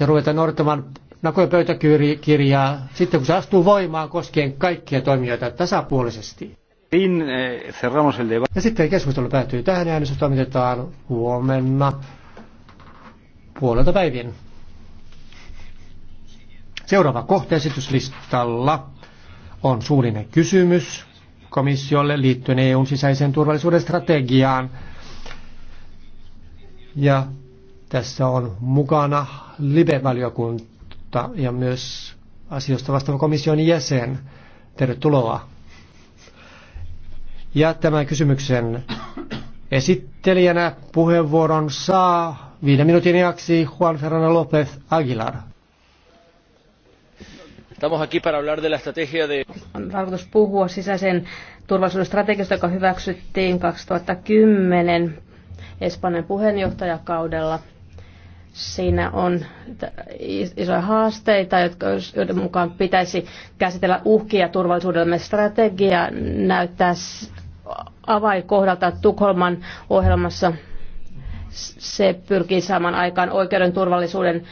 ja ruveta noudattamaan Nakoja pöytäkirjaa sitten kun se astuu voimaan koskien kaikkia toimijoita tasapuolisesti. Eh, ja sitten keskustelu päättyy tähän ja äänestys toimitetaan huomenna puolelta päivien. Seuraava kohta esityslistalla on suullinen kysymys komissiolle liittyen EUn sisäiseen turvallisuuden strategiaan. Ja tässä on mukana live-valiokunta ja myös asioista vastaava komission jäsen. Tervetuloa. Ja tämän kysymyksen esittelijänä puheenvuoron saa viiden minuutin jaksi Juan Fernando López Aguilar. Estamos aquí para hablar de la estrategia de... On tarkoitus puhua sisäisen turvallisuuden strategiasta, joka hyväksyttiin 2010 Espanjan puheenjohtajakaudella. Siinä on isoja haasteita, jotka, joiden mukaan pitäisi käsitellä uhkia turvallisuudellemme. Strategia näyttää avainkohdalta Tukholman ohjelmassa. Se pyrkii saamaan aikaan oikeuden turvallisuuden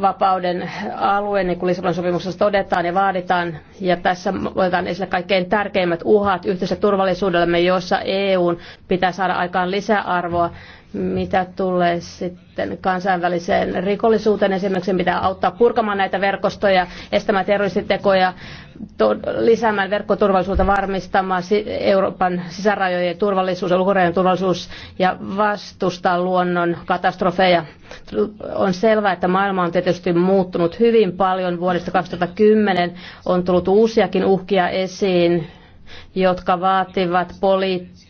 vapauden alueen niin kuin Lissabonin sopimuksessa todetaan ja vaaditaan. Ja tässä otetaan esille kaikkein tärkeimmät uhat yhteisessä turvallisuudellemme, jossa EUn pitää saada aikaan lisäarvoa mitä tulee sitten kansainväliseen rikollisuuteen. Esimerkiksi pitää auttaa purkamaan näitä verkostoja, estämään terroristitekoja, lisäämään verkkoturvallisuutta, varmistamaan Euroopan sisärajojen turvallisuus ja ulkorajojen turvallisuus ja vastustaa luonnon katastrofeja. On selvää, että maailma on tietysti muuttunut hyvin paljon. Vuodesta 2010 on tullut uusiakin uhkia esiin, jotka vaativat poliittisia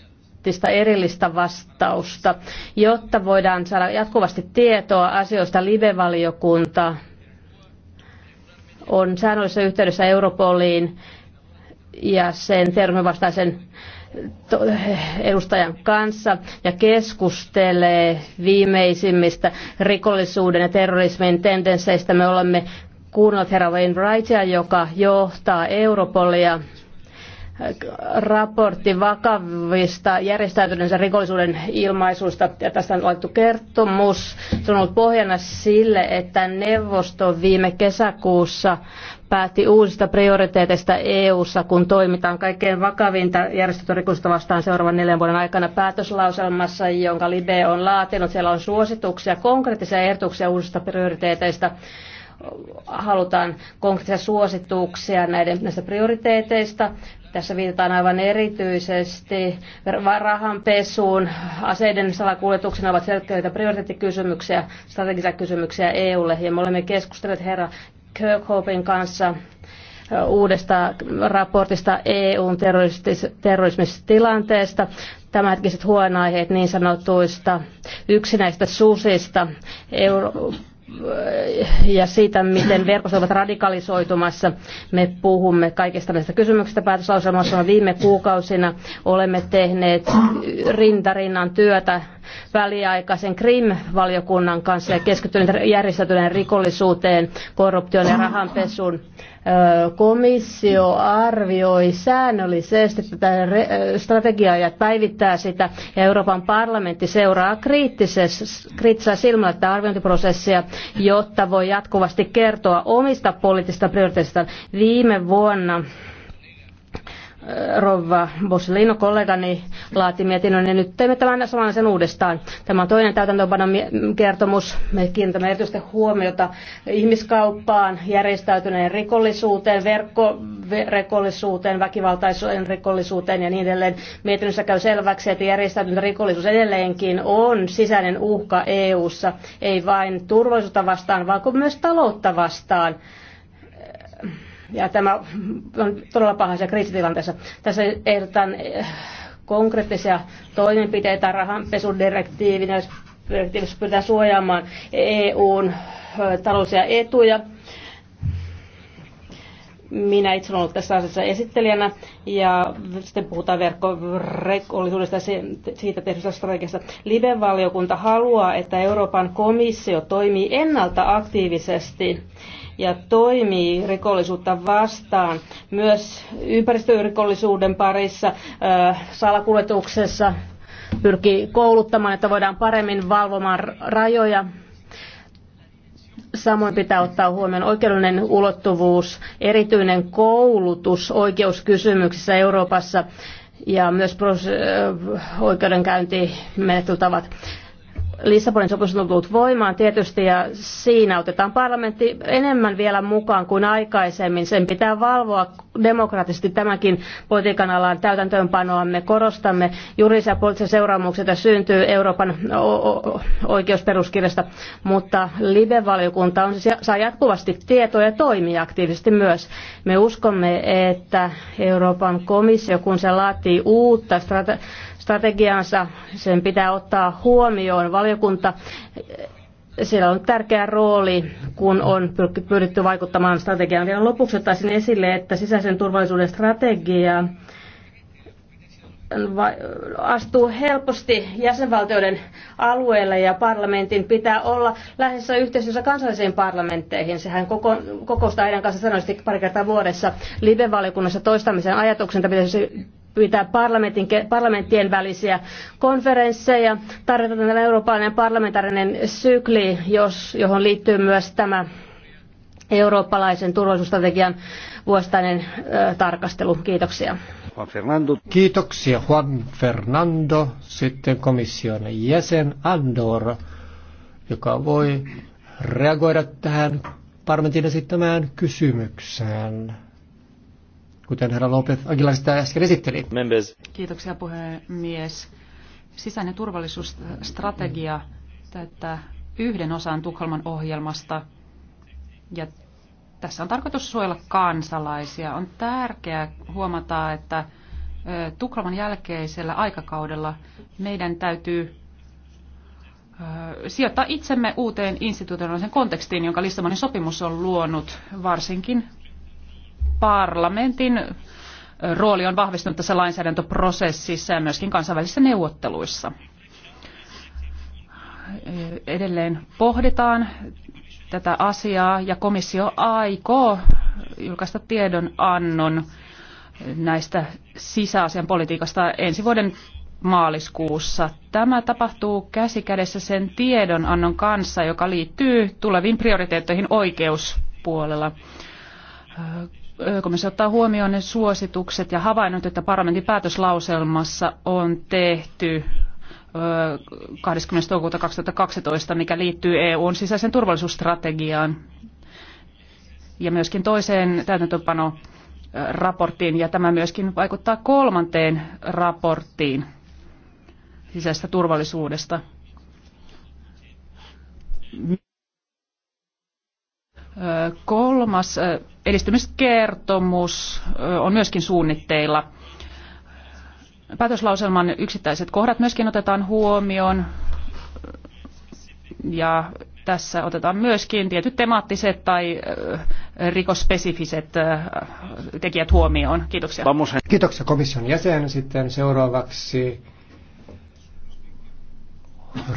poliittista erillistä vastausta, jotta voidaan saada jatkuvasti tietoa asioista live-valiokunta on säännöllisessä yhteydessä Europoliin ja sen terrorismivastaisen edustajan kanssa ja keskustelee viimeisimmistä rikollisuuden ja terrorismin tendensseistä. Me olemme kuunnelleet herra Wayne Wrightia, joka johtaa Europolia raportti vakavista järjestäytyneensä rikollisuuden ilmaisuista. Ja tästä on laittu kertomus. Se on ollut pohjana sille, että neuvosto viime kesäkuussa päätti uusista prioriteeteista EU-ssa, kun toimitaan kaikkein vakavinta järjestötorikusta vastaan seuraavan neljän vuoden aikana päätöslauselmassa, jonka Libe on laatinut. Siellä on suosituksia, konkreettisia ehdotuksia uusista prioriteeteista halutaan konkreettisia suosituksia näiden, näistä prioriteeteista. Tässä viitataan aivan erityisesti rahanpesuun, aseiden salakuljetuksen ovat selkeitä prioriteettikysymyksiä, strategisia kysymyksiä EUlle. Ja me olemme keskustelleet herra Kirkhopin kanssa uudesta raportista EUn terrorismistilanteesta, tämänhetkiset huolenaiheet niin sanotuista yksinäistä susista, Euro- ja siitä, miten verkostot ovat radikalisoitumassa. Me puhumme kaikista näistä kysymyksistä päätöslauselmassa. Viime kuukausina olemme tehneet rintarinnan työtä väliaikaisen Krim-valiokunnan kanssa ja keskittynyt järjestäytyneen rikollisuuteen, korruptioon ja rahanpesuun. Komissio arvioi säännöllisesti tätä strategiaa ja päivittää sitä, ja Euroopan parlamentti seuraa kriittisellä silmällä tätä arviointiprosessia, jotta voi jatkuvasti kertoa omista poliittisista prioriteeteistaan. Viime vuonna rouva Bosselino kollegani laati mietinnön ja nyt teemme tämän saman sen uudestaan. Tämä on toinen täytäntöönpanon kertomus. Me kiinnitämme erityisesti huomiota ihmiskauppaan, järjestäytyneen rikollisuuteen, verkkorikollisuuteen, väkivaltaisuuden rikollisuuteen ja niin edelleen. Mietinnössä käy selväksi, että järjestäytynyt rikollisuus edelleenkin on sisäinen uhka EU:ssa, ei vain turvallisuutta vastaan, vaan myös taloutta vastaan ja tämä on todella pahassa kriisitilanteessa. Tässä ehdotan eh, konkreettisia toimenpiteitä rahanpesudirektiivin, jos pyritään suojaamaan EUn eh, taloudellisia etuja minä itse olen ollut tässä asiassa esittelijänä ja sitten puhutaan verkkorikollisuudesta ja siitä tehdystä strategiasta. Live-valiokunta haluaa, että Euroopan komissio toimii ennalta aktiivisesti ja toimii rikollisuutta vastaan myös ympäristörikollisuuden parissa, äh, salakuljetuksessa, pyrkii kouluttamaan, että voidaan paremmin valvomaan rajoja Samoin pitää ottaa huomioon oikeudellinen ulottuvuus, erityinen koulutus oikeuskysymyksissä Euroopassa ja myös oikeudenkäyntimenettelytavat. Lissabonin sopimus on tullut voimaan tietysti ja siinä otetaan parlamentti enemmän vielä mukaan kuin aikaisemmin. Sen pitää valvoa demokraattisesti tämänkin politiikan alan täytäntöönpanoamme. Korostamme juridisia poliittisia seuraamuksia, joita syntyy Euroopan oikeusperuskirjasta, mutta live-valiokunta on, siis, saa jatkuvasti tietoja ja toimii aktiivisesti myös. Me uskomme, että Euroopan komissio, kun se laatii uutta strategiaa, strategiansa. Sen pitää ottaa huomioon valiokunta. Siellä on tärkeä rooli, kun on pyritty vaikuttamaan strategiaan. Vielä lopuksi ottaisin esille, että sisäisen turvallisuuden strategia astuu helposti jäsenvaltioiden alueelle ja parlamentin pitää olla läheisessä yhteistyössä kansallisiin parlamentteihin. Sehän koko, kokoustaa heidän kanssa sanoisesti pari kertaa vuodessa. Live-valiokunnassa toistamisen ajatuksen, että pitäisi pitää parlamentin, parlamenttien välisiä konferensseja. Tarvitaan tällainen eurooppalainen parlamentaarinen sykli, jos, johon liittyy myös tämä eurooppalaisen turvallisuusstrategian vuosittainen ö, tarkastelu. Kiitoksia. Juan Fernando. Kiitoksia Juan Fernando. Sitten komission jäsen Andor, joka voi reagoida tähän parlamentin esittämään kysymykseen kuten herra López Aguilar sitä äsken esitteli. Members. Kiitoksia puhemies. Sisäinen turvallisuusstrategia täyttää yhden osan Tukholman ohjelmasta ja tässä on tarkoitus suojella kansalaisia. On tärkeää huomata, että Tukholman jälkeisellä aikakaudella meidän täytyy sijoittaa itsemme uuteen institutionaaliseen kontekstiin, jonka Lissabonin sopimus on luonut, varsinkin parlamentin rooli on vahvistunut tässä lainsäädäntöprosessissa ja myöskin kansainvälisissä neuvotteluissa. Edelleen pohditaan tätä asiaa ja komissio aikoo julkaista tiedonannon näistä sisäasian politiikasta ensi vuoden maaliskuussa. Tämä tapahtuu käsikädessä sen tiedonannon kanssa, joka liittyy tuleviin prioriteettoihin oikeuspuolella komissio ottaa huomioon ne suositukset ja havainnot, että parlamentin päätöslauselmassa on tehty 20. toukokuuta 2012, mikä liittyy EUn sisäisen turvallisuusstrategiaan ja myöskin toiseen täytäntöpano raporttiin ja tämä myöskin vaikuttaa kolmanteen raporttiin sisäisestä turvallisuudesta. Kolmas edistymiskertomus on myöskin suunnitteilla. Päätöslauselman yksittäiset kohdat myöskin otetaan huomioon ja tässä otetaan myöskin tietyt temaattiset tai rikospesifiset tekijät huomioon. Kiitoksia. Kiitoksia komission jäsen. Sitten seuraavaksi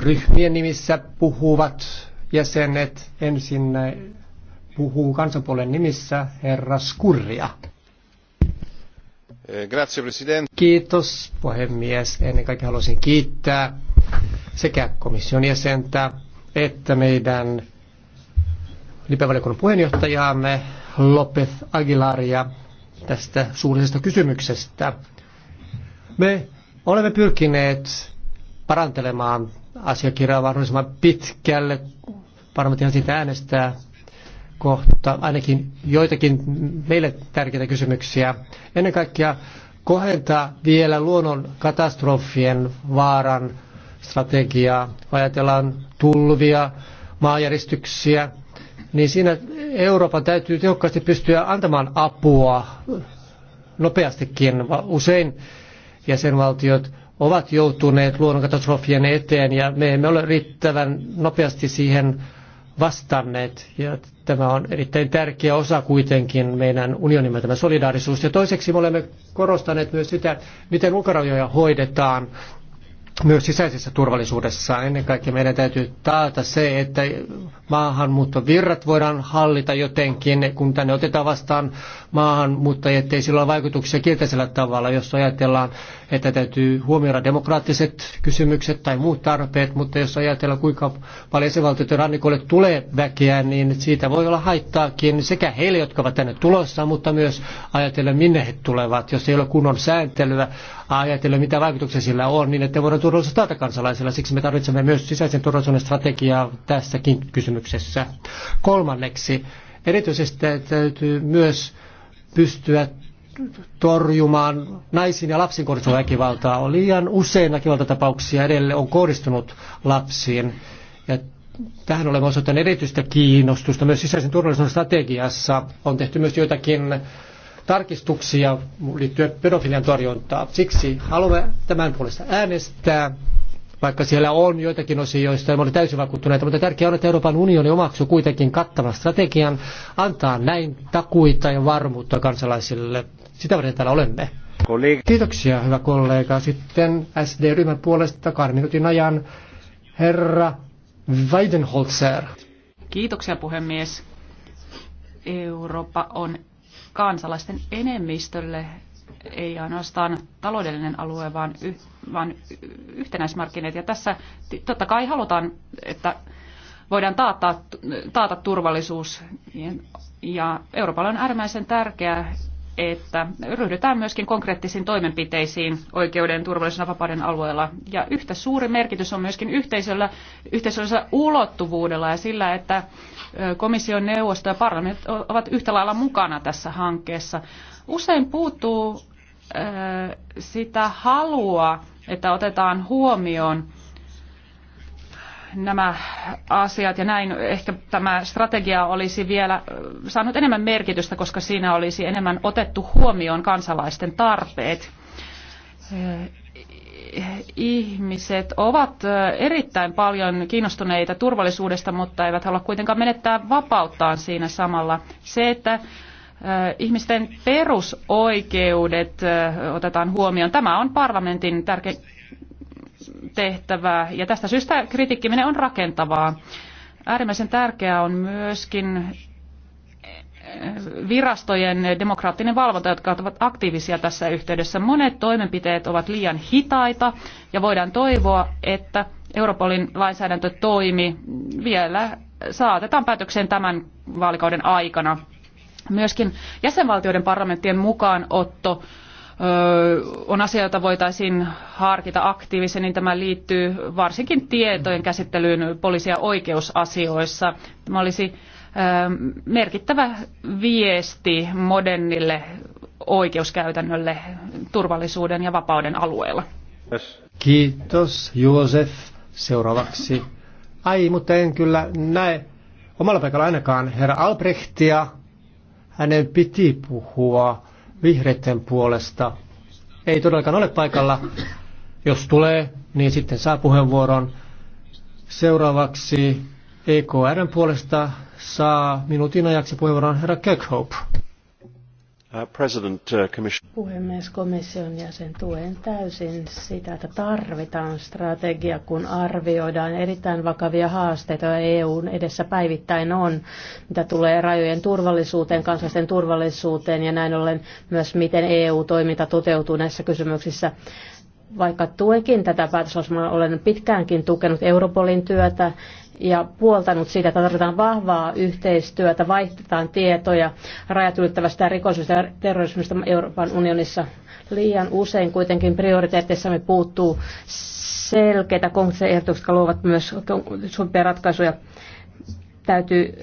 ryhmien nimissä puhuvat jäsenet ensin puhuu kansanpuolen nimissä herra Skurria. Eh, grazie, president. Kiitos puhemies. Ennen kaikkea haluaisin kiittää sekä komission jäsentä että meidän lipevaliokunnan puheenjohtajaamme Lopez Aguilaria tästä suullisesta kysymyksestä. Me olemme pyrkineet parantelemaan asiakirjaa mahdollisimman pitkälle. Varmasti sitä äänestää kohta ainakin joitakin meille tärkeitä kysymyksiä. Ennen kaikkea kohentaa vielä luonnon katastrofien vaaran strategiaa. Ajatellaan tulvia, maajäristyksiä, niin siinä Euroopan täytyy tehokkaasti pystyä antamaan apua nopeastikin. Usein jäsenvaltiot ovat joutuneet luonnonkatastrofien eteen ja me emme ole riittävän nopeasti siihen vastanneet. Ja tämä on erittäin tärkeä osa kuitenkin meidän unionimme tämä solidaarisuus. Ja toiseksi me olemme korostaneet myös sitä, miten ulkorajoja hoidetaan myös sisäisessä turvallisuudessa. Ennen kaikkea meidän täytyy taata se, että maahanmuuttovirrat voidaan hallita jotenkin, kun tänne otetaan vastaan maahanmuuttajia, ettei sillä ole vaikutuksia kielteisellä tavalla, jos ajatellaan, että täytyy huomioida demokraattiset kysymykset tai muut tarpeet, mutta jos ajatellaan, kuinka paljon jäsenvaltioiden rannikolle tulee väkeä, niin siitä voi olla haittaakin sekä heille, jotka ovat tänne tulossa, mutta myös ajatellen, minne he tulevat, jos ei ole kunnon sääntelyä, ajatellen, mitä vaikutuksia sillä on, niin että voidaan turvallisuus taata kansalaisilla. Siksi me tarvitsemme myös sisäisen turvallisuuden strategiaa tässäkin kysymyksessä. Kolmanneksi, erityisesti täytyy myös pystyä torjumaan naisiin ja lapsiin kohdistuvaa väkivaltaa. On liian usein väkivaltatapauksia edelleen on kohdistunut lapsiin. Ja tähän olemme osoittaneet erityistä kiinnostusta myös sisäisen turvallisuuden strategiassa. On tehty myös joitakin tarkistuksia liittyen pedofilian torjuntaan. Siksi haluamme tämän puolesta äänestää, vaikka siellä on joitakin osia, joista emme ole täysin vakuuttuneita, mutta tärkeää on, että Euroopan unioni omaksuu kuitenkin kattavan strategian, antaa näin takuita ja varmuutta kansalaisille. Sitä varten täällä olemme. Kollega. Kiitoksia, hyvä kollega. Sitten SD-ryhmän puolesta kahden minuutin ajan herra Weidenholzer. Kiitoksia, puhemies. Eurooppa on kansalaisten enemmistölle ei ainoastaan taloudellinen alue, vaan, y, vaan yhtenäismarkkinat. Ja tässä totta kai halutaan, että voidaan taata, taata turvallisuus. Ja Euroopalla on äärimmäisen tärkeää että ryhdytään myöskin konkreettisiin toimenpiteisiin oikeuden turvallisuuden vapauden alueella. Ja yhtä suuri merkitys on myöskin yhteisöllä, yhteisöllä ulottuvuudella ja sillä, että komission neuvosto ja parlamentit ovat yhtä lailla mukana tässä hankkeessa. Usein puuttuu sitä halua, että otetaan huomioon nämä asiat ja näin ehkä tämä strategia olisi vielä saanut enemmän merkitystä, koska siinä olisi enemmän otettu huomioon kansalaisten tarpeet. Ihmiset ovat erittäin paljon kiinnostuneita turvallisuudesta, mutta eivät halua kuitenkaan menettää vapauttaan siinä samalla. Se, että ihmisten perusoikeudet otetaan huomioon, tämä on parlamentin tärkeä tehtävää. Ja tästä syystä kritiikkiminen on rakentavaa. Äärimmäisen tärkeää on myöskin eh, virastojen demokraattinen valvonta, jotka ovat aktiivisia tässä yhteydessä. Monet toimenpiteet ovat liian hitaita ja voidaan toivoa, että Europolin toimi vielä saatetaan päätökseen tämän vaalikauden aikana. Myöskin jäsenvaltioiden parlamenttien mukaanotto otto on asia, jota voitaisiin harkita aktiivisen, niin tämä liittyy varsinkin tietojen käsittelyyn poliisi- ja oikeusasioissa. Tämä olisi merkittävä viesti modernille oikeuskäytännölle turvallisuuden ja vapauden alueella. Kiitos, Joosef. Seuraavaksi. Ai, mutta en kyllä näe omalla paikalla ainakaan herra Albrechtia. Hänen piti puhua vihreiden puolesta ei todellakaan ole paikalla. Jos tulee, niin sitten saa puheenvuoron. Seuraavaksi EKRn puolesta saa minuutin ajaksi puheenvuoron herra Kirkhope. Uh, uh, Puhemies, komission jäsen, tuen täysin sitä, että tarvitaan strategia, kun arvioidaan erittäin vakavia haasteita EUn edessä päivittäin on, mitä tulee rajojen turvallisuuteen, kansallisten turvallisuuteen ja näin ollen myös, miten EU-toiminta toteutuu näissä kysymyksissä vaikka tuekin tätä päätöslauselmaa, olen pitkäänkin tukenut Europolin työtä ja puoltanut siitä, että tarvitaan vahvaa yhteistyötä, vaihtetaan tietoja rajat ylittävästä rikollisuudesta ja terrorismista Euroopan unionissa. Liian usein kuitenkin prioriteetteissamme puuttuu selkeitä konkreettisia ehdotuksia, jotka luovat myös ratkaisuja täytyy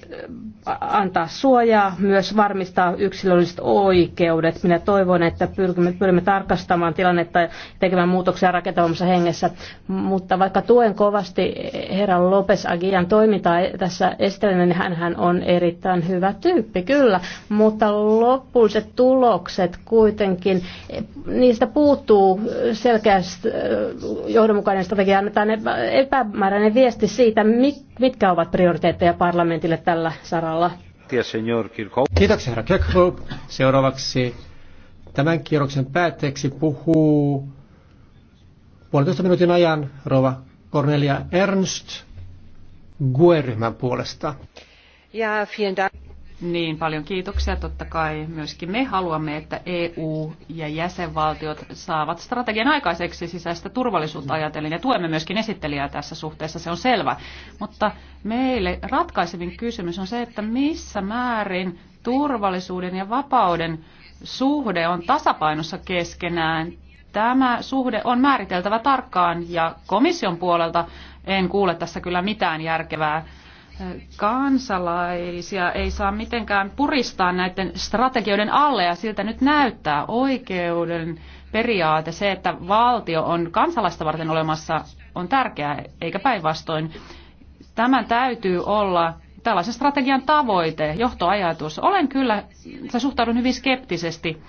antaa suojaa, myös varmistaa yksilölliset oikeudet. Minä toivon, että pyrimme, pyrimme tarkastamaan tilannetta ja tekemään muutoksia rakentavassa hengessä. Mutta vaikka tuen kovasti herra Lopes Agian toimintaa tässä esitellinen, niin hän, hän on erittäin hyvä tyyppi, kyllä. Mutta lopulliset tulokset kuitenkin, niistä puuttuu selkeästi johdonmukainen strategia, annetaan epämääräinen viesti siitä, mitkä ovat prioriteetteja parlamentille tällä saralla. Kiitoksia, herra Kirkhope. Seuraavaksi tämän kierroksen päätteeksi puhuu puolitoista minuutin ajan rova Cornelia Ernst GUE-ryhmän puolesta. Ja, vielen Dank. Niin, paljon kiitoksia. Totta kai myöskin me haluamme, että EU ja jäsenvaltiot saavat strategian aikaiseksi sisäistä turvallisuutta ajatellen ja tuemme myöskin esittelijää tässä suhteessa, se on selvä. Mutta meille ratkaisevin kysymys on se, että missä määrin turvallisuuden ja vapauden suhde on tasapainossa keskenään. Tämä suhde on määriteltävä tarkkaan ja komission puolelta en kuule tässä kyllä mitään järkevää kansalaisia ei saa mitenkään puristaa näiden strategioiden alle ja siltä nyt näyttää oikeuden periaate, se, että valtio on kansalaista varten olemassa, on tärkeää, eikä päinvastoin. Tämän täytyy olla tällaisen strategian tavoite, johtoajatus. Olen kyllä, se suhtaudun hyvin skeptisesti,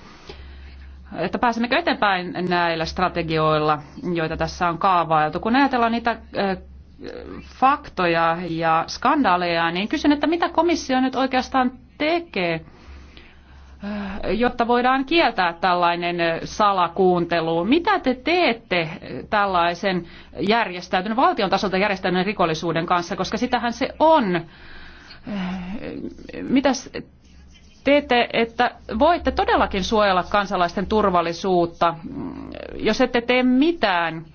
että pääsemmekö eteenpäin näillä strategioilla, joita tässä on kaavailtu. Kun ajatellaan niitä faktoja ja skandaaleja, niin kysyn, että mitä komissio nyt oikeastaan tekee, äh, jotta voidaan kieltää tällainen äh, salakuuntelu. Mitä te teette tällaisen järjestäytyneen, valtion tasolta järjestäytyneen rikollisuuden kanssa, koska sitähän se on. Äh, mitäs teette, että voitte todellakin suojella kansalaisten turvallisuutta, mm, jos ette tee mitään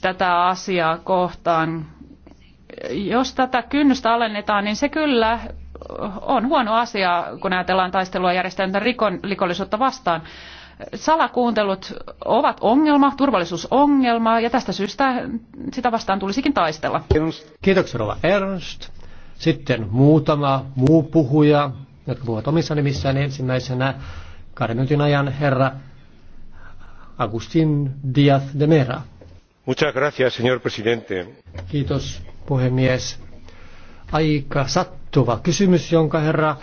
tätä asiaa kohtaan. Jos tätä kynnystä alennetaan, niin se kyllä on huono asia, kun ajatellaan taistelua järjestäytyntä rikollisuutta vastaan. Salakuuntelut ovat ongelma, turvallisuusongelma, ja tästä syystä sitä vastaan tulisikin taistella. Kiitoksia Rova Ernst. Sitten muutama muu puhuja, jotka puhuvat omissa nimissään ensimmäisenä. Kahden minuutin ajan herra Agustin Diaz de Mera señor presidente. Kiitos, puhemies. Aika sattuva kysymys, jonka herra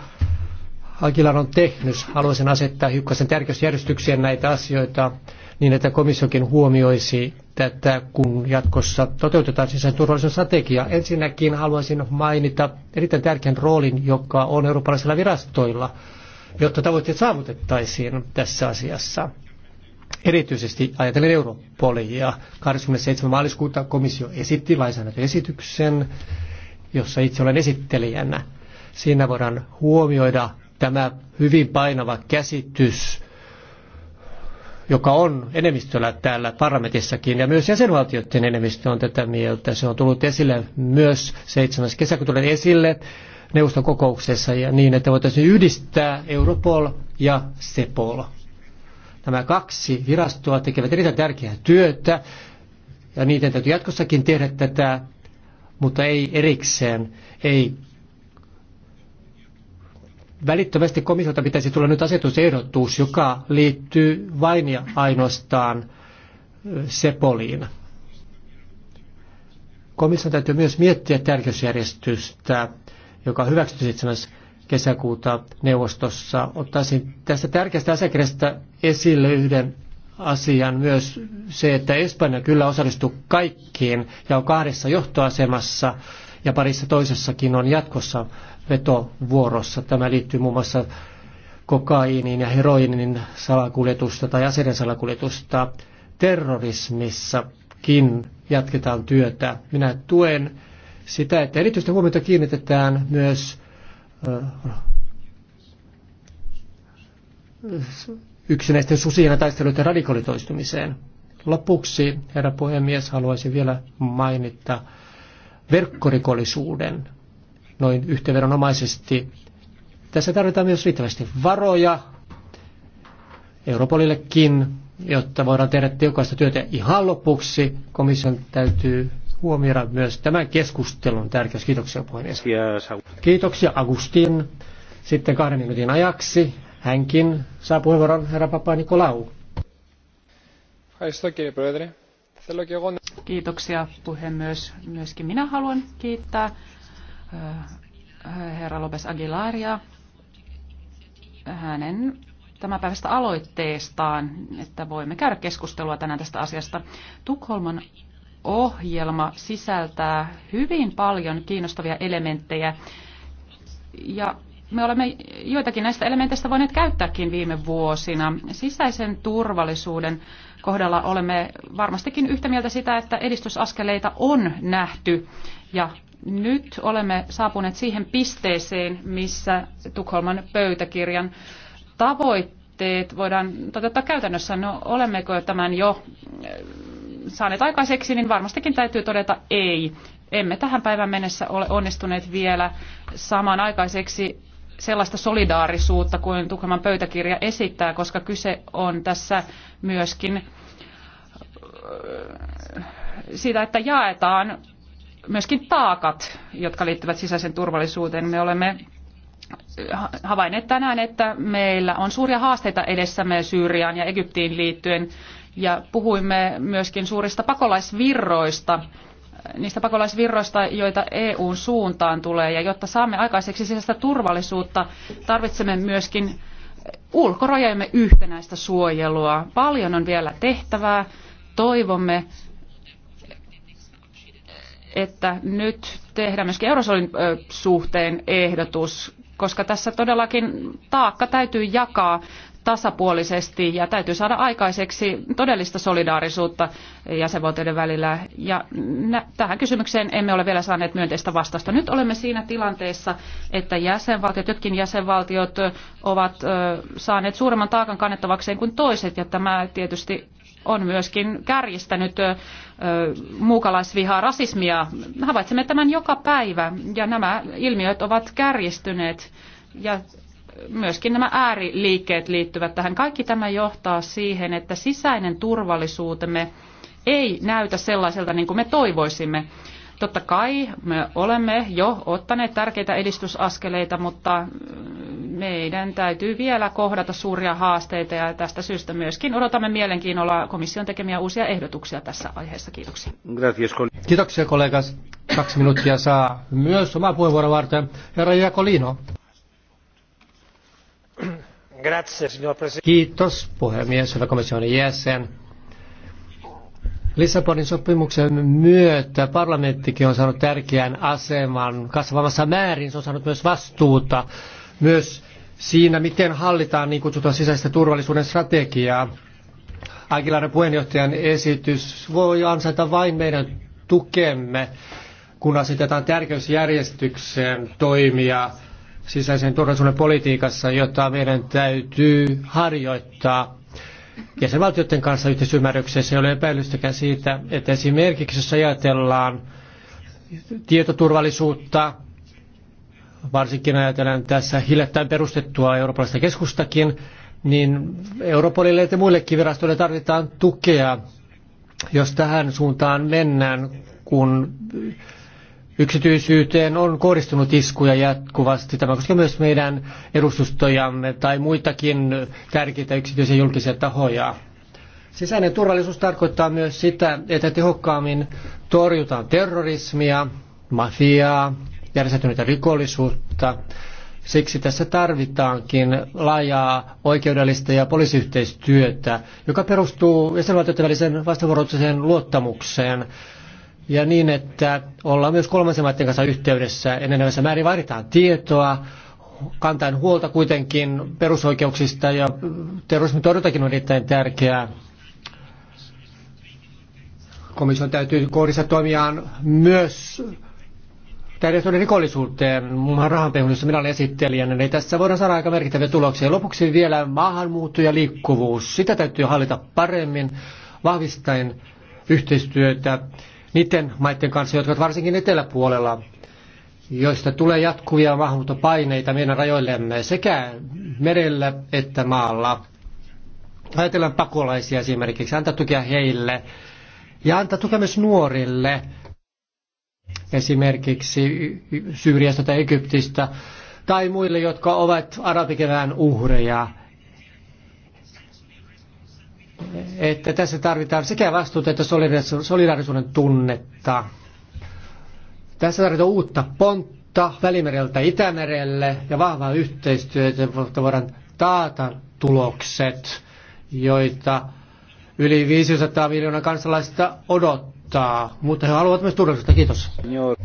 Akilar on tehnyt. Haluaisin asettaa hiukkasen tärkeysjärjestykseen näitä asioita niin, että komissiokin huomioisi tätä, kun jatkossa toteutetaan sisäisen turvallisuuden strategia. Ensinnäkin haluaisin mainita erittäin tärkeän roolin, joka on eurooppalaisilla virastoilla, jotta tavoitteet saavutettaisiin tässä asiassa. Erityisesti ajatellen Europolia. 27. maaliskuuta komissio esitti lainsäädäntöesityksen, jossa itse olen esittelijänä. Siinä voidaan huomioida tämä hyvin painava käsitys, joka on enemmistöllä täällä parlamentissakin, ja myös jäsenvaltioiden enemmistö on tätä mieltä. Se on tullut esille myös 7. kesäkuuta esille neuvoston kokouksessa, ja niin, että voitaisiin yhdistää Europol ja Sepol. Nämä kaksi virastoa tekevät erittäin tärkeää työtä ja niiden täytyy jatkossakin tehdä tätä, mutta ei erikseen, ei välittömästi komissiolta pitäisi tulla nyt asetusehdotus, joka liittyy vain ja ainoastaan Sepoliin. Komission täytyy myös miettiä tärkeysjärjestystä, joka hyväksytty 7 kesäkuuta neuvostossa. Ottaisin tästä tärkeästä asiakirjasta esille yhden asian myös se, että Espanja kyllä osallistuu kaikkiin ja on kahdessa johtoasemassa ja parissa toisessakin on jatkossa vetovuorossa. Tämä liittyy muun muassa kokaiinin ja heroinin salakuljetusta tai aseiden salakuljetusta. Terrorismissakin jatketaan työtä. Minä tuen sitä, että erityistä huomiota kiinnitetään myös yksinäisten susien taisteluiden radikalitoistumiseen. Lopuksi, herra puhemies, haluaisin vielä mainita verkkorikollisuuden noin yhteenveronomaisesti. Tässä tarvitaan myös riittävästi varoja Europolillekin, jotta voidaan tehdä tiukasta työtä. Ihan lopuksi komission täytyy huomioida myös tämän keskustelun tärkeys. Kiitoksia puhemies. Kiitoksia Agustin. Sitten kahden minuutin ajaksi hänkin saa puheenvuoron herra Papa Nikolau. Kiitoksia myös. Myöskin minä haluan kiittää eh, herra Lopes Aguilaria hänen päivästä aloitteestaan, että voimme käydä keskustelua tänään tästä asiasta. Tukholman ohjelma sisältää hyvin paljon kiinnostavia elementtejä ja me olemme joitakin näistä elementeistä voineet käyttääkin viime vuosina. Sisäisen turvallisuuden kohdalla olemme varmastikin yhtä mieltä sitä, että edistysaskeleita on nähty ja nyt olemme saapuneet siihen pisteeseen, missä Tukholman pöytäkirjan tavoitteet voidaan toteuttaa käytännössä. No olemmeko tämän jo eh, saaneet aikaiseksi, niin varmastikin täytyy todeta ei emme tähän päivään mennessä ole onnistuneet vielä samanaikaiseksi sellaista solidaarisuutta kuin Tukholman pöytäkirja esittää, koska kyse on tässä myöskin äh, siitä, että jaetaan myöskin taakat, jotka liittyvät sisäisen turvallisuuteen. Me olemme havainneet tänään, että meillä on suuria haasteita edessämme Syyriaan ja Egyptiin liittyen, ja puhuimme myöskin suurista pakolaisvirroista niistä pakolaisvirroista, joita EUn suuntaan tulee. Ja jotta saamme aikaiseksi sisäistä turvallisuutta, tarvitsemme myöskin ulkorajojemme yhtenäistä suojelua. Paljon on vielä tehtävää. Toivomme, että nyt tehdään myöskin eurosolin suhteen ehdotus, koska tässä todellakin taakka täytyy jakaa tasapuolisesti ja täytyy saada aikaiseksi todellista solidaarisuutta jäsenvaltioiden välillä. Ja tähän kysymykseen emme ole vielä saaneet myönteistä vastausta. Nyt olemme siinä tilanteessa, että jäsenvaltiot, jotkin jäsenvaltiot ovat saaneet suuremman taakan kannettavakseen kuin toiset ja tämä tietysti on myöskin kärjistänyt ö, muukalaisvihaa, rasismia. Havaitsemme tämän joka päivä ja nämä ilmiöt ovat kärjistyneet ja myöskin nämä ääriliikkeet liittyvät tähän. Kaikki tämä johtaa siihen, että sisäinen turvallisuutemme ei näytä sellaiselta niin kuin me toivoisimme. Totta kai me olemme jo ottaneet tärkeitä edistysaskeleita, mutta meidän täytyy vielä kohdata suuria haasteita ja tästä syystä myöskin odotamme mielenkiinnolla komission tekemiä uusia ehdotuksia tässä aiheessa. Kiitoksia. Kiitoksia kollegas. Kaksi minuuttia saa myös oma puheenvuoron varten. Herra Jakolino. Kiitos puhemies, hyvä komission jäsen. Lissabonin sopimuksen myötä parlamenttikin on saanut tärkeän aseman kasvavassa määrin. Se on saanut myös vastuuta myös siinä, miten hallitaan niin kutsutaan sisäistä turvallisuuden strategiaa. Aguilarin puheenjohtajan esitys voi ansaita vain meidän tukemme, kun asetetaan tärkeysjärjestykseen toimia sisäisen turvallisuuden politiikassa, jota meidän täytyy harjoittaa jäsenvaltioiden kanssa yhteisymmärryksessä. Ei ole epäilystäkään siitä, että esimerkiksi jos ajatellaan tietoturvallisuutta, varsinkin ajatellaan tässä hiljattain perustettua eurooppalaista keskustakin, niin Europolille ja muillekin virastoille tarvitaan tukea, jos tähän suuntaan mennään, kun Yksityisyyteen on kohdistunut iskuja jatkuvasti. Tämä koskee myös meidän edustustojamme tai muitakin tärkeitä yksityisiä julkisia tahoja. Sisäinen turvallisuus tarkoittaa myös sitä, että tehokkaammin torjutaan terrorismia, mafiaa, järjestäytynyttä rikollisuutta. Siksi tässä tarvitaankin laajaa oikeudellista ja poliisiyhteistyötä, joka perustuu jäsenvaltioiden välisen vastavuoroiseen luottamukseen – ja niin, että ollaan myös kolmansien maiden kanssa yhteydessä. Enenevässä määrin vaaditaan tietoa, kantaen huolta kuitenkin perusoikeuksista ja terrorismin torjuntakin on erittäin tärkeää. Komission täytyy kohdissa toimiaan myös täydellisuuden rikollisuuteen, muun rahanpehunnossa minä olen esittelijänä, eli tässä voidaan saada aika merkittäviä tuloksia. Lopuksi vielä maahanmuutto ja liikkuvuus. Sitä täytyy hallita paremmin, vahvistaen yhteistyötä niiden maiden kanssa, jotka ovat varsinkin eteläpuolella, joista tulee jatkuvia maahanmuuttopaineita meidän rajoillemme sekä merellä että maalla. Ajatellaan pakolaisia esimerkiksi, antaa tukea heille ja antaa tukea myös nuorille, esimerkiksi Syyriasta tai Egyptistä, tai muille, jotka ovat arabikevään uhreja että tässä tarvitaan sekä vastuuta että solidaarisuuden tunnetta. Tässä tarvitaan uutta pontta Välimereltä Itämerelle ja vahvaa yhteistyötä, jotta voidaan taata tulokset, joita yli 500 miljoonaa kansalaista odottaa, mutta he haluavat myös turvallisuutta. Kiitos.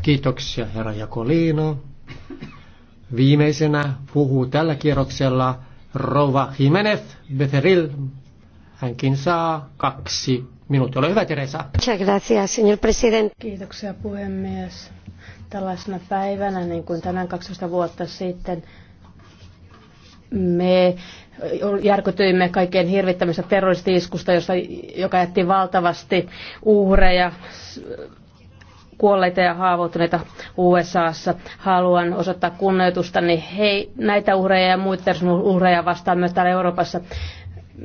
Kiitoksia, herra Jakolino. Viimeisenä puhuu tällä kierroksella Rova Jimenez Beferil Hänkin kaksi minuuttia. Ole hyvä, Teresa. Kiitoksia, puhemies. Tällaisena päivänä, niin kuin tänään 12 vuotta sitten, me järkytyimme kaikkein hirvittämistä terroristi-iskusta, jossa, joka jätti valtavasti uhreja, kuolleita ja haavoittuneita USAssa. Haluan osoittaa kunnioitustani hei, näitä uhreja ja muita uhreja vastaan myös täällä Euroopassa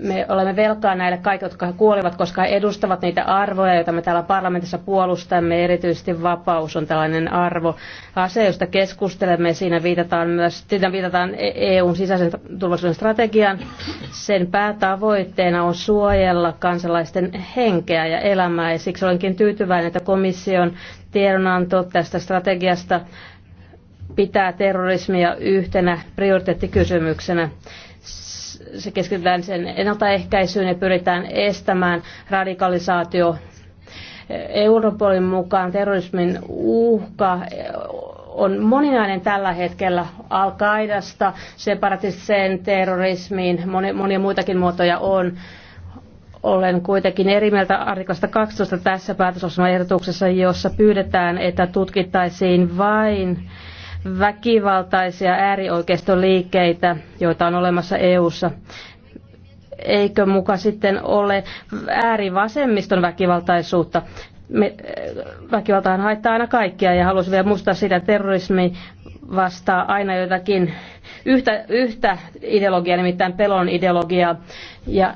me olemme velkaa näille kaikille, jotka kuolivat, koska he edustavat niitä arvoja, joita me täällä parlamentissa puolustamme. Erityisesti vapaus on tällainen arvo. Ase, josta keskustelemme, siinä viitataan myös siinä viitataan e- EUn sisäisen turvallisuuden strategian. Sen päätavoitteena on suojella kansalaisten henkeä ja elämää. Ja siksi olenkin tyytyväinen, että komission tiedonanto tästä strategiasta pitää terrorismia yhtenä prioriteettikysymyksenä se keskitytään sen ennaltaehkäisyyn ja pyritään estämään radikalisaatio. Europolin mukaan terrorismin uhka on moninainen tällä hetkellä Al-Qaidasta, separatistiseen terrorismiin, moni, monia muitakin muotoja on. Olen kuitenkin eri mieltä artiklasta 12 tässä päätösosmaehdotuksessa, jossa pyydetään, että tutkittaisiin vain väkivaltaisia äärioikeistoliikkeitä, joita on olemassa EU:ssa. Eikö muka sitten ole äärivasemmiston väkivaltaisuutta? Äh, väkivaltahan haittaa aina kaikkia ja haluaisin vielä muistaa sitä, että terrorismi vastaa aina jotakin yhtä, yhtä ideologiaa, nimittäin pelon ideologiaa. Ja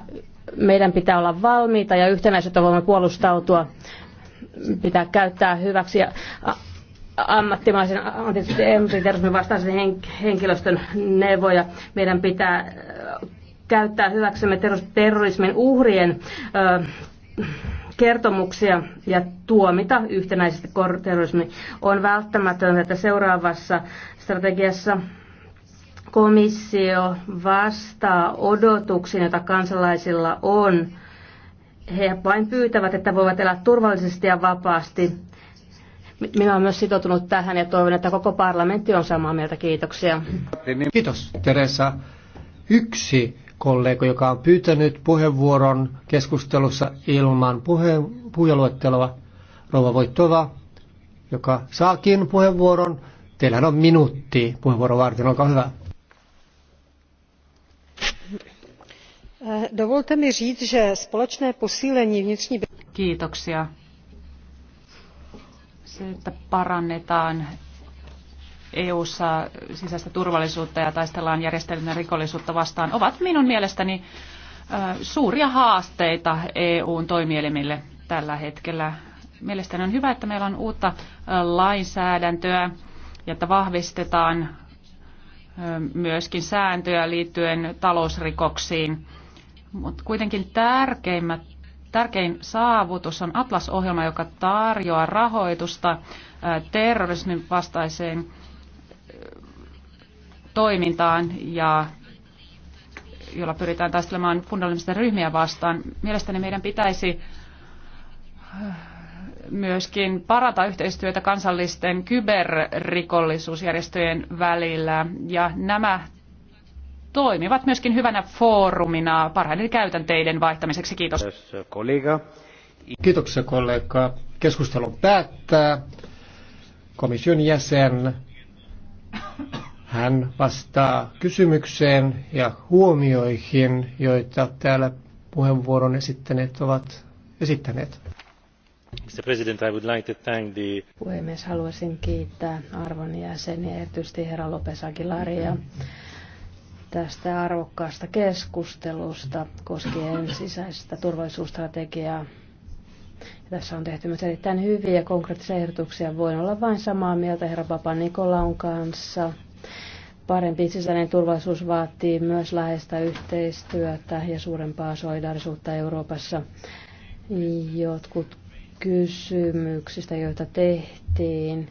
meidän pitää olla valmiita ja yhtenäisyyttä voimme puolustautua, pitää käyttää hyväksi ammattimaisen antiterrorismin vastaisen henkilöstön neuvoja. Meidän pitää käyttää hyväksemme terrorismin uhrien kertomuksia ja tuomita yhtenäisesti terrorismi. On välttämätöntä, että seuraavassa strategiassa komissio vastaa odotuksiin, joita kansalaisilla on. He vain pyytävät, että voivat elää turvallisesti ja vapaasti minä olen myös sitoutunut tähän ja toivon, että koko parlamentti on samaa mieltä. Kiitoksia. Kiitos, Teresa. Yksi kollega, joka on pyytänyt puheenvuoron keskustelussa ilman puheen, puhujaluetteloa, Rova Voittova, joka saakin puheenvuoron. Teillähän on minuutti puheenvuoron varten, olkaa hyvä. Eh, dovolte mi říct, že společné posílení vnitřní... Kiitoksia se, että parannetaan EU-ssa sisäistä turvallisuutta ja taistellaan järjestelmän rikollisuutta vastaan, ovat minun mielestäni suuria haasteita EUn toimielimille tällä hetkellä. Mielestäni on hyvä, että meillä on uutta lainsäädäntöä ja että vahvistetaan myöskin sääntöjä liittyen talousrikoksiin. Mutta kuitenkin tärkeimmät tärkein saavutus on Atlas-ohjelma, joka tarjoaa rahoitusta terrorismin vastaiseen toimintaan ja jolla pyritään taistelemaan fundamentaalisten ryhmiä vastaan. Mielestäni meidän pitäisi myöskin parata yhteistyötä kansallisten kyberrikollisuusjärjestöjen välillä ja nämä toimivat myöskin hyvänä foorumina parhaiden käytänteiden vaihtamiseksi. Kiitos. Kiitoksia kollega. Keskustelun päättää komission jäsen. Hän vastaa kysymykseen ja huomioihin, joita täällä puheenvuoron esittäneet ovat esittäneet. Mr. President, I would like to thank the... Puhemies, haluaisin kiittää arvon jäseniä, erityisesti herra Lopes Aguilaria. Mm-hmm tästä arvokkaasta keskustelusta koskien sisäistä turvallisuusstrategiaa. Ja tässä on tehty myös erittäin hyviä konkreettisia ehdotuksia. Voin olla vain samaa mieltä herra Papa Nikolaun kanssa. Parempi sisäinen turvallisuus vaatii myös läheistä yhteistyötä ja suurempaa solidaarisuutta Euroopassa. Jotkut kysymyksistä, joita tehtiin,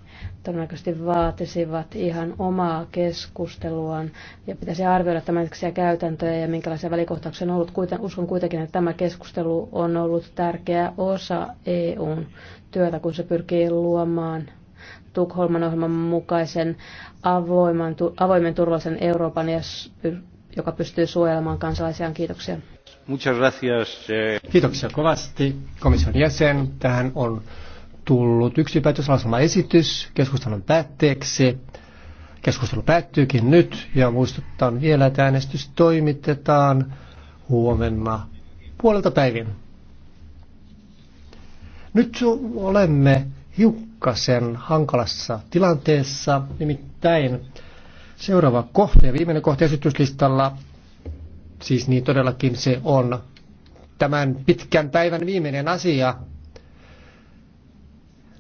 todennäköisesti vaatisivat ihan omaa keskusteluaan ja pitäisi arvioida tämänhetkisiä käytäntöjä ja minkälaisia välikohtauksia on ollut. Kuiten, uskon kuitenkin, että tämä keskustelu on ollut tärkeä osa EUn työtä, kun se pyrkii luomaan Tukholman ohjelman mukaisen avoimen, avoimen turvallisen Euroopan, joka pystyy suojelemaan kansalaisiaan. Kiitoksia. Muchas gracias. Eh. Kiitoksia kovasti komission jäsen. Tähän on tullut yksi päätöslauselma esitys keskustelun päätteeksi. Keskustelu päättyykin nyt ja muistutan vielä, että äänestys toimitetaan huomenna puolelta päivin. Nyt olemme hiukkasen hankalassa tilanteessa, nimittäin seuraava kohta ja viimeinen kohta esityslistalla, siis niin todellakin se on tämän pitkän päivän viimeinen asia,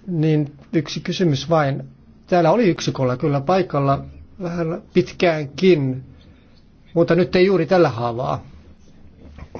niin yksi kysymys vain. Täällä oli yksi kolla kyllä paikalla vähän pitkäänkin, mutta nyt ei juuri tällä haavaa.